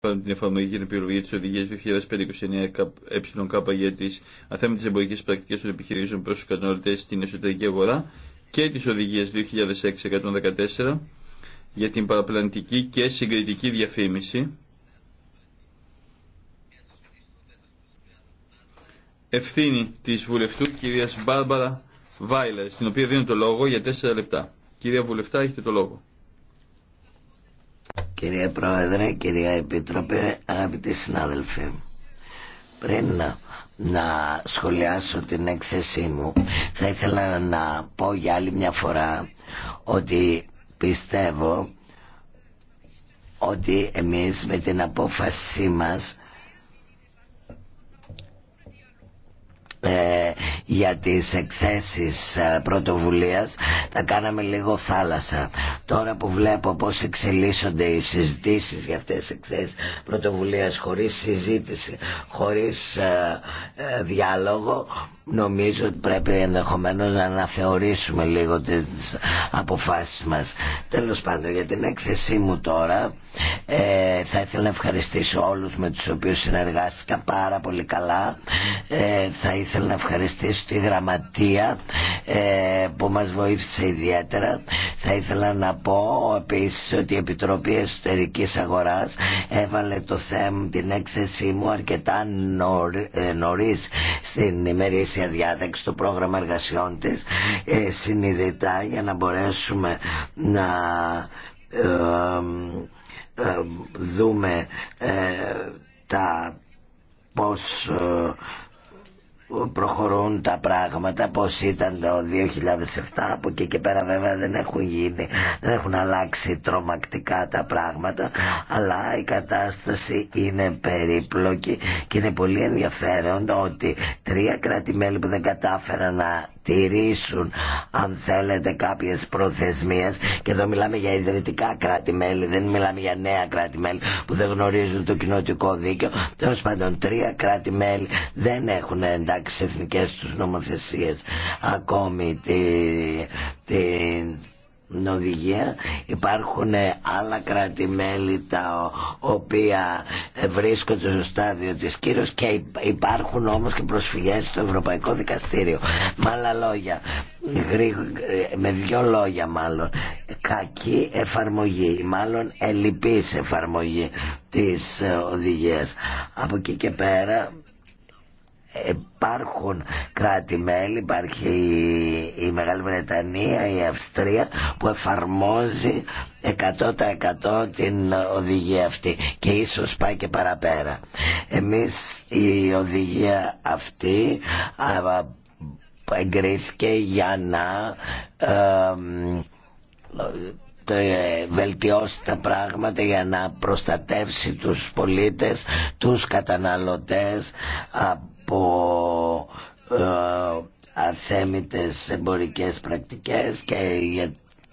την εφαρμογή και την επιλογή τη οδηγία 2059 ΕΚ για ε, τι αθέμενε εμπορικέ πρακτικέ των επιχειρήσεων προ του καταναλωτέ στην εσωτερική αγορά και τη οδηγία 2006-114 για την παραπλανητική και συγκριτική διαφήμιση. Ευθύνη τη βουλευτού κυρία Μπάρμπαρα Βάιλερ, στην οποία δίνω το λόγο για τέσσερα λεπτά. Κυρία Βουλευτά, έχετε το λόγο. Κυρία Πρόεδρε, κυρία Επίτροπε, αγαπητοί συνάδελφοι. Πριν να, να σχολιάσω την έκθεσή μου, θα ήθελα να πω για άλλη μια φορά ότι πιστεύω ότι εμείς με την απόφασή μας ε, για τις εκθέσεις ε, πρωτοβουλίας τα κάναμε λίγο θάλασσα. Τώρα που βλέπω πώς εξελίσσονται οι συζητήσεις για αυτές τις εκθέσεις πρωτοβουλίας χωρίς συζήτηση, χωρίς ε, ε, διάλογο Νομίζω ότι πρέπει ενδεχομένως να αναθεωρήσουμε λίγο τις αποφάσεις μας. Τέλος πάντων για την έκθεσή μου τώρα ε, θα ήθελα να ευχαριστήσω όλους με τους οποίους συνεργάστηκα πάρα πολύ καλά. Ε, θα ήθελα να ευχαριστήσω τη γραμματεία ε, που μας βοήθησε ιδιαίτερα. Θα ήθελα να πω επίσης ότι η Επιτροπή Εσωτερικής Αγοράς έβαλε το θέμα την έκθεσή μου αρκετά ε, νωρί, στην ημερήση ημερήσια διάταξη, το πρόγραμμα εργασιών της ε, συνειδητά για να μπορέσουμε να ε, ε, δούμε ε, τα πώς προχωρούν τα πράγματα πως ήταν το 2007 από εκεί και πέρα βέβαια δεν έχουν γίνει δεν έχουν αλλάξει τρομακτικά τα πράγματα αλλά η κατάσταση είναι περίπλοκη και είναι πολύ ενδιαφέρον ότι τρία κράτη-μέλη που δεν κατάφεραν να τηρήσουν αν θέλετε κάποιες προθεσμίες και εδώ μιλάμε για ιδρυτικά κράτη-μέλη δεν μιλάμε για νέα κράτη-μέλη που δεν γνωρίζουν το κοινοτικό δίκαιο τέλο πάντων τρία κράτη-μέλη δεν έχουν εντάξει εθνικές τους νομοθεσίες ακόμη τη, τη οδηγία υπάρχουν άλλα κράτη-μέλη τα οποία βρίσκονται στο στάδιο της κύρωσης και υπάρχουν όμως και προσφυγές στο Ευρωπαϊκό Δικαστήριο με άλλα λόγια με δυο λόγια μάλλον κακή εφαρμογή μάλλον ελλειπής εφαρμογή της οδηγίας από εκεί και πέρα υπάρχουν κράτη-μέλη, υπάρχει η Μεγάλη Βρετανία, η Αυστρία που εφαρμόζει 100% την οδηγία αυτή και ίσως πάει και παραπέρα. Εμείς η οδηγία αυτή εγκρίθηκε για να βελτιώσει τα πράγματα για να προστατεύσει τους πολίτες, τους καταναλωτές από ε, αθέμητες εμπορικές πρακτικές και για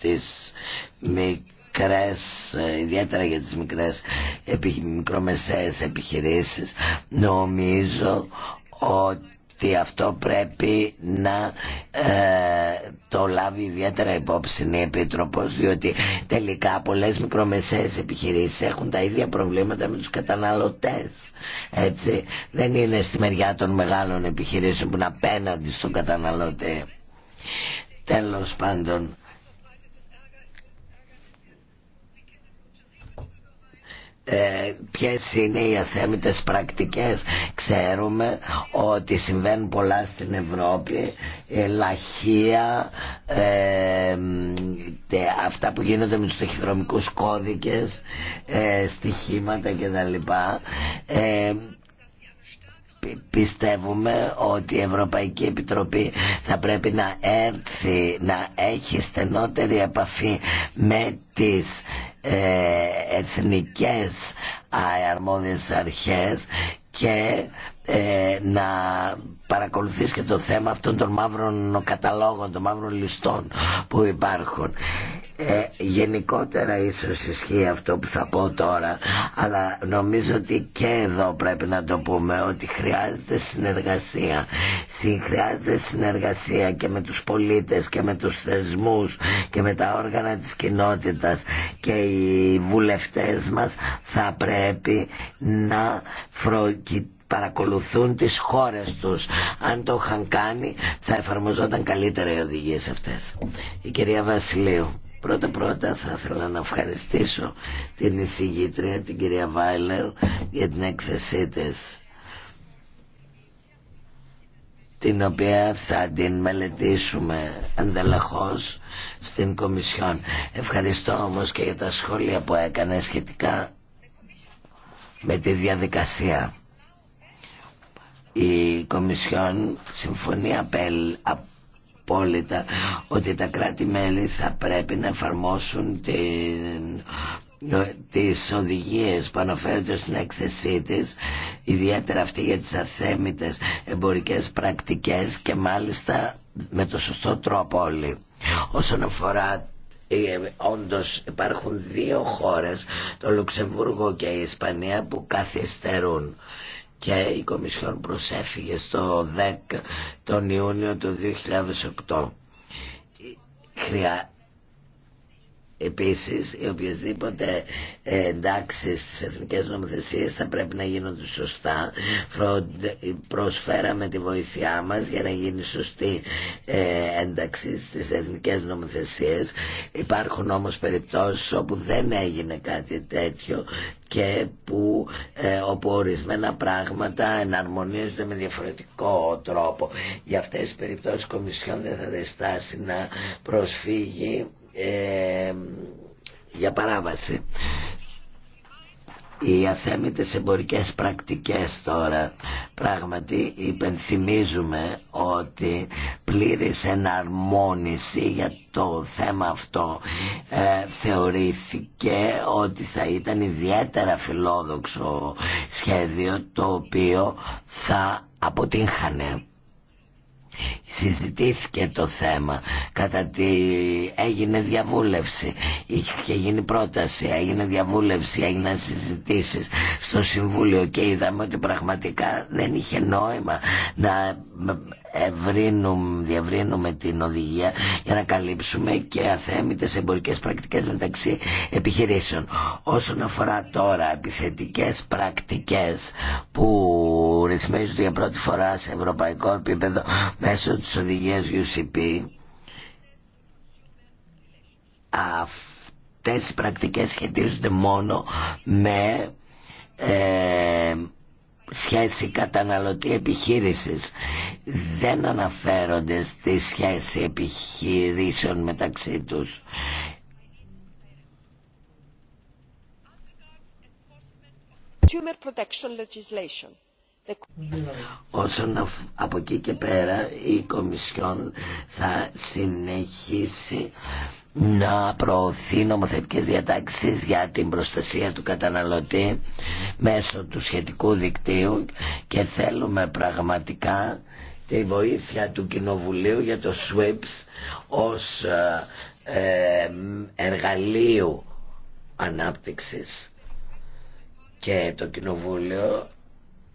τις μικρές, ε, ιδιαίτερα για τις μικρές επι, μικρομεσαίες επιχειρήσεις. Νομίζω ότι ότι αυτό πρέπει να ε, το λάβει ιδιαίτερα υπόψη η Επίτροπος διότι τελικά πολλές μικρομεσαίες επιχειρήσεις έχουν τα ίδια προβλήματα με τους καταναλωτές έτσι δεν είναι στη μεριά των μεγάλων επιχειρήσεων που είναι απέναντι στον καταναλωτή τέλος πάντων ε, ποιες είναι οι αθέμητες πρακτικές ξέρουμε ότι συμβαίνουν πολλά στην Ευρώπη ελαχία λαχεία ε, αυτά που γίνονται με τους ταχυδρομικούς κώδικες ε, στοιχήματα κτλ ε, πιστεύουμε ότι η Ευρωπαϊκή Επιτροπή θα πρέπει να έρθει να έχει στενότερη επαφή με τις ε, εθνικές ε, αρμόδιες αρχές και ε, να παρακολουθείς και το θέμα αυτών των μαύρων καταλόγων, των μαύρων ληστών που υπάρχουν. Ε, γενικότερα ίσως ισχύει αυτό που θα πω τώρα αλλά νομίζω ότι και εδώ πρέπει να το πούμε ότι χρειάζεται συνεργασία χρειάζεται συνεργασία και με τους πολίτες και με τους θεσμούς και με τα όργανα της κοινότητας και οι βουλευτές μας θα πρέπει να παρακολουθούν τις χώρες τους. Αν το είχαν κάνει θα εφαρμοζόταν καλύτερα οι οδηγίες αυτές. Η κυρία Βασιλείου. Πρώτα πρώτα θα ήθελα να ευχαριστήσω την εισηγήτρια την κυρία Βάιλερ για την έκθεσή της την οποία θα την μελετήσουμε ενδελεχώς στην Κομισιόν. Ευχαριστώ όμως και για τα σχόλια που έκανε σχετικά με τη διαδικασία. Η Κομισιόν συμφωνεί απέλ, ότι τα κράτη-μέλη θα πρέπει να εφαρμόσουν την, ε, τις οδηγίες που αναφέρονται στην έκθεσή της ιδιαίτερα αυτή για τις αθέμητες εμπορικές πρακτικές και μάλιστα με το σωστό τρόπο όλοι όσον αφορά ε, όντως υπάρχουν δύο χώρες το Λουξεμβούργο και η Ισπανία που καθυστερούν και η Κομισιόν προσέφυγε στο 10 τον Ιούνιο του 2008. Επίσης, οι οποιασδήποτε ε, εντάξει στις εθνικές νομοθεσίες θα πρέπει να γίνονται σωστά. Ε, προσφέραμε τη βοήθειά μας για να γίνει σωστή ε, ένταξη στις εθνικές νομοθεσίες. Υπάρχουν όμως περιπτώσεις όπου δεν έγινε κάτι τέτοιο και που ε, όπου ορισμένα πράγματα εναρμονίζονται με διαφορετικό τρόπο. Για αυτές τις περιπτώσεις Κομισιόν δεν θα να προσφύγει για παράβαση. Οι αθέμητες εμπορικές πρακτικές τώρα πράγματι υπενθυμίζουμε ότι πλήρης εναρμόνιση για το θέμα αυτό ε, θεωρήθηκε ότι θα ήταν ιδιαίτερα φιλόδοξο σχέδιο το οποίο θα αποτύχανε συζητήθηκε το θέμα κατά τη έγινε διαβούλευση είχε γίνει πρόταση έγινε διαβούλευση έγιναν συζητήσεις στο Συμβούλιο και είδαμε ότι πραγματικά δεν είχε νόημα να ε, ευρύνουμε, διαβρύνουμε την οδηγία για να καλύψουμε και αθέμητες εμπορικές πρακτικές μεταξύ επιχειρήσεων όσον αφορά τώρα επιθετικές πρακτικές που ρυθμίζονται για πρώτη φορά σε ευρωπαϊκό επίπεδο μέσω της οδηγίας UCP αυτές οι πρακτικές σχετίζονται μόνο με ε, σχέση καταναλωτή επιχείρησης δεν αναφέρονται στη σχέση επιχειρήσεων μεταξύ τους consumer protection legislation. Όσον από εκεί και πέρα η Κομισιόν θα συνεχίσει να προωθεί νομοθετικές διατάξεις για την προστασία του καταναλωτή μέσω του σχετικού δικτύου και θέλουμε πραγματικά τη βοήθεια του Κοινοβουλίου για το SWIPS ως ε, ε, εργαλείο ανάπτυξης και το Κοινοβούλιο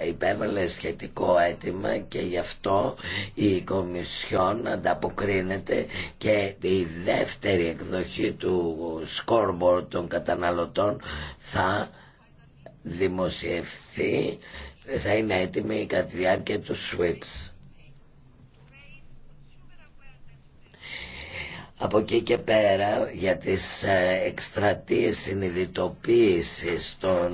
υπέβαλε σχετικό αίτημα και γι' αυτό η Κομισιόν ανταποκρίνεται και η δεύτερη εκδοχή του scoreboard των καταναλωτών θα δημοσιευθεί, θα είναι έτοιμη κατά τη διάρκεια του SWIPS. Από εκεί και πέρα για τις ε, εκστρατείες συνειδητοποίησης των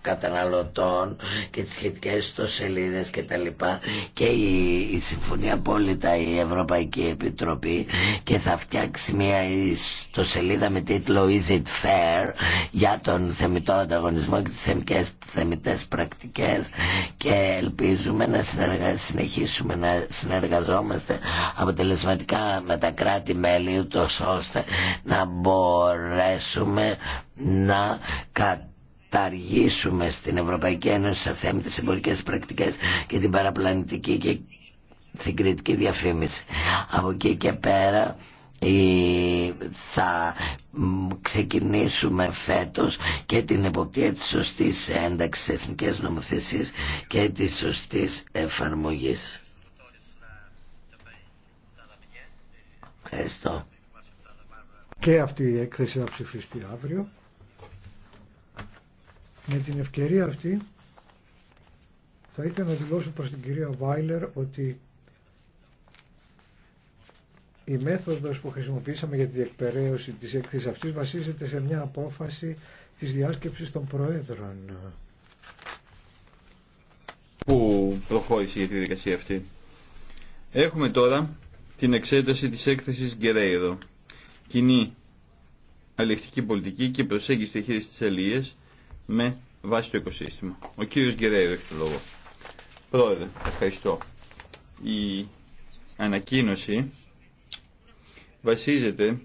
καταναλωτών και τις σχετικές ιστοσελίδες και τα λοιπά και η, η Συμφωνία Απόλυτα η Ευρωπαϊκή Επιτροπή και θα φτιάξει μια ιστοσελίδα το σελίδα με τίτλο Is It Fair για τον θεμητό ανταγωνισμό και τις θεμικές, θεμητές πρακτικές και ελπίζουμε να συνεργα... συνεχίσουμε να συνεργαζόμαστε αποτελεσματικά με τα κράτη-μέλη ούτως ώστε να μπορέσουμε να καταργήσουμε στην Ευρωπαϊκή Ένωση σε θέμα τις εμπορικές πρακτικές και την παραπλανητική και συγκριτική διαφήμιση. Από εκεί και πέρα θα ξεκινήσουμε φέτος και την εποπτεία της σωστής ένταξης εθνικές νομοθεσίες και της σωστής εφαρμογής. Ευχαριστώ. Και αυτή η έκθεση θα ψηφιστεί αύριο. Με την ευκαιρία αυτή θα ήθελα να δηλώσω προς την κυρία Βάιλερ ότι η μέθοδος που χρησιμοποιήσαμε για τη διεκπαιρέωση της έκθεσης αυτής βασίζεται σε μια απόφαση της διάσκεψης των Προέδρων. Πού προχώρησε για τη δικασία αυτή. Έχουμε τώρα την εξέταση της έκθεσης Γκερέιδο. Κοινή αλληλευτική πολιτική και προσέγγιση διαχείριση της αλληλείας με βάση το οικοσύστημα. Ο κύριος Γκερέιδο έχει το λόγο. Πρόεδρε, ευχαριστώ. Η ανακοίνωση βασίζεται